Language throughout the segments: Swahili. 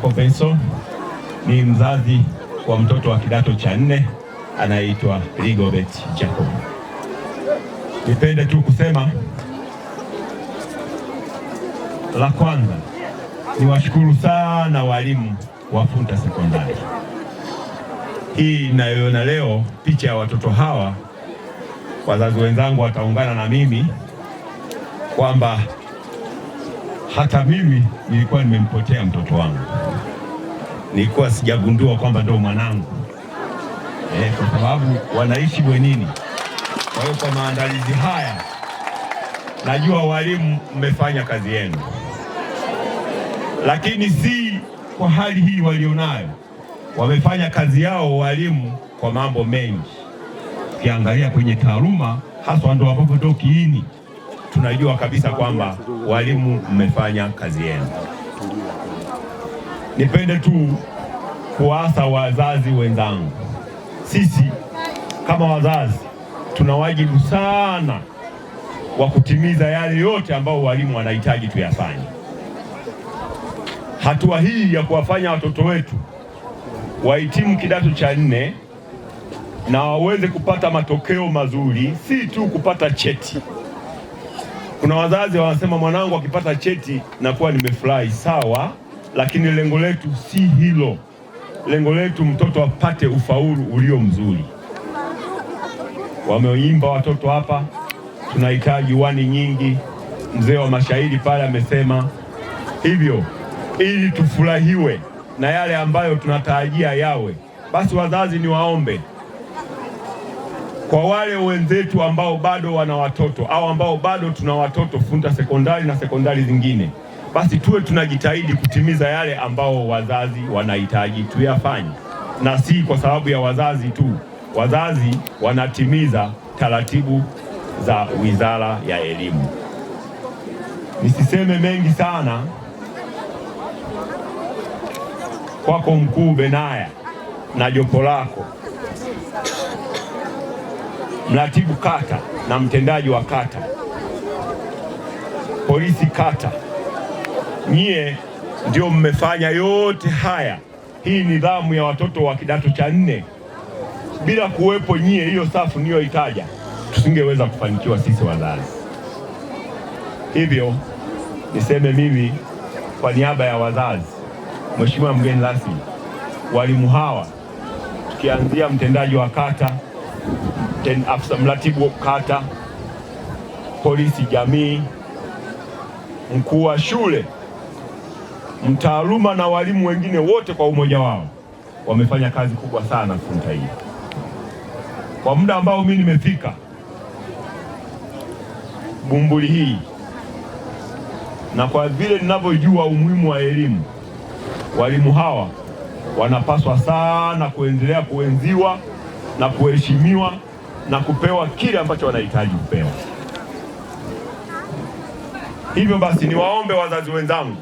Kompeso ni mzazi wa mtoto wa kidato cha nne anayeitwa Rigobert Jacob. Nipende tu kusema la kwanza, niwashukuru sana walimu wa Funta Sekondari. Hii ninayoona leo picha ya watoto hawa, wazazi wenzangu wataungana na mimi kwamba hata mimi nilikuwa nimempotea mtoto wangu, nilikuwa sijagundua kwamba ndo mwanangu eh, kwa sababu wanaishi bwenini. Kwa hiyo kwa maandalizi haya, najua walimu mmefanya kazi yenu, lakini si kwa hali hii walionayo. Wamefanya kazi yao walimu kwa mambo mengi, ukiangalia kwenye taaluma haswa ndo ambapo ndo kiini tunajua kabisa kwamba walimu mmefanya kazi yenu. Nipende tu kuasa wazazi wenzangu, sisi kama wazazi tuna wajibu sana wa kutimiza yale yote ambayo walimu wanahitaji tuyafanye. Hatua hii ya kuwafanya watoto wetu wahitimu kidato cha nne na waweze kupata matokeo mazuri, si tu kupata cheti kuna wazazi wanasema mwanangu akipata cheti na kuwa nimefurahi. Sawa, lakini lengo letu si hilo. Lengo letu mtoto apate ufaulu ulio mzuri. Wameimba watoto hapa, tunahitaji wani nyingi. Mzee wa mashairi pale amesema hivyo, ili tufurahiwe na yale ambayo tunatarajia yawe, basi wazazi ni waombe kwa wale wenzetu ambao bado wana watoto au ambao bado tuna watoto funda sekondari na sekondari zingine, basi tuwe tunajitahidi kutimiza yale ambao wazazi wanahitaji tuyafanye, na si kwa sababu ya wazazi tu. Wazazi wanatimiza taratibu za Wizara ya Elimu. Nisiseme mengi sana, kwako mkuu Benaya na jopo lako mratibu kata na mtendaji wa kata, polisi kata, nyie ndio mmefanya yote haya, hii nidhamu ya watoto wa kidato cha nne. Bila kuwepo nyie, hiyo safu niyoitaja, tusingeweza kufanikiwa sisi wazazi. Hivyo niseme mimi kwa niaba ya wazazi, Mheshimiwa mgeni rasmi, walimu hawa tukianzia mtendaji wa kata ten afisa mratibu kata, polisi jamii, mkuu wa shule, mtaaluma na walimu wengine wote kwa umoja wao wamefanya kazi kubwa sana kunta hii kwa muda ambao mimi nimefika Bumbuli hii, na kwa vile ninavyojua umuhimu wa elimu, walimu hawa wanapaswa sana kuendelea kuenziwa na kuheshimiwa na kupewa kile ambacho wanahitaji kupewa. Hivyo basi, niwaombe wazazi wenzangu,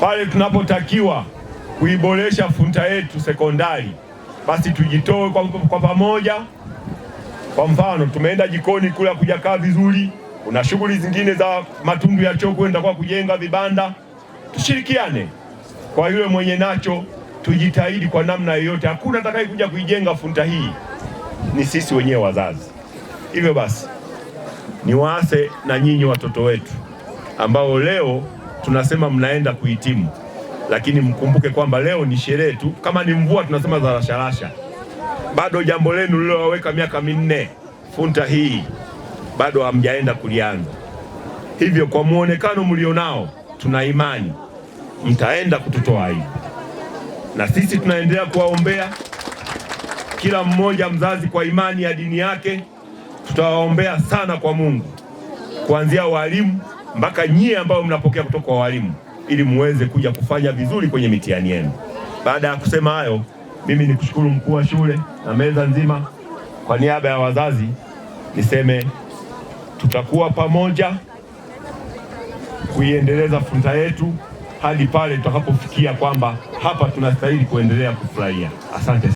pale tunapotakiwa kuiboresha funta yetu sekondari, basi tujitoe kwa, kwa pamoja. Kwa mfano, tumeenda jikoni kule kujakaa vizuri, kuna shughuli zingine za matundu ya choo kwenda kwa kujenga vibanda, tushirikiane. Kwa yule mwenye nacho, tujitahidi kwa namna yoyote. Hakuna atakaye kuja kuijenga funta hii ni sisi wenyewe wazazi. Hivyo basi niwaase na nyinyi watoto wetu ambao leo tunasema mnaenda kuhitimu, lakini mkumbuke kwamba leo ni sherehe tu. Kama ni mvua tunasema za rasharasha, bado jambo lenu lililowaweka miaka minne funta hii bado hamjaenda kulianza. Hivyo kwa muonekano mlionao, tuna imani mtaenda kututoa aibu, na sisi tunaendelea kuwaombea kila mmoja mzazi kwa imani ya dini yake. Tutawaombea sana kwa Mungu, kuanzia walimu mpaka nyie ambao mnapokea kutoka kwa walimu, ili muweze kuja kufanya vizuri kwenye mitihani yenu. Baada ya kusema hayo, mimi ni kushukuru mkuu wa shule na meza nzima, kwa niaba ya wazazi niseme tutakuwa pamoja kuiendeleza funta yetu hadi pale tutakapofikia kwamba hapa tunastahili kuendelea kufurahia. Asante.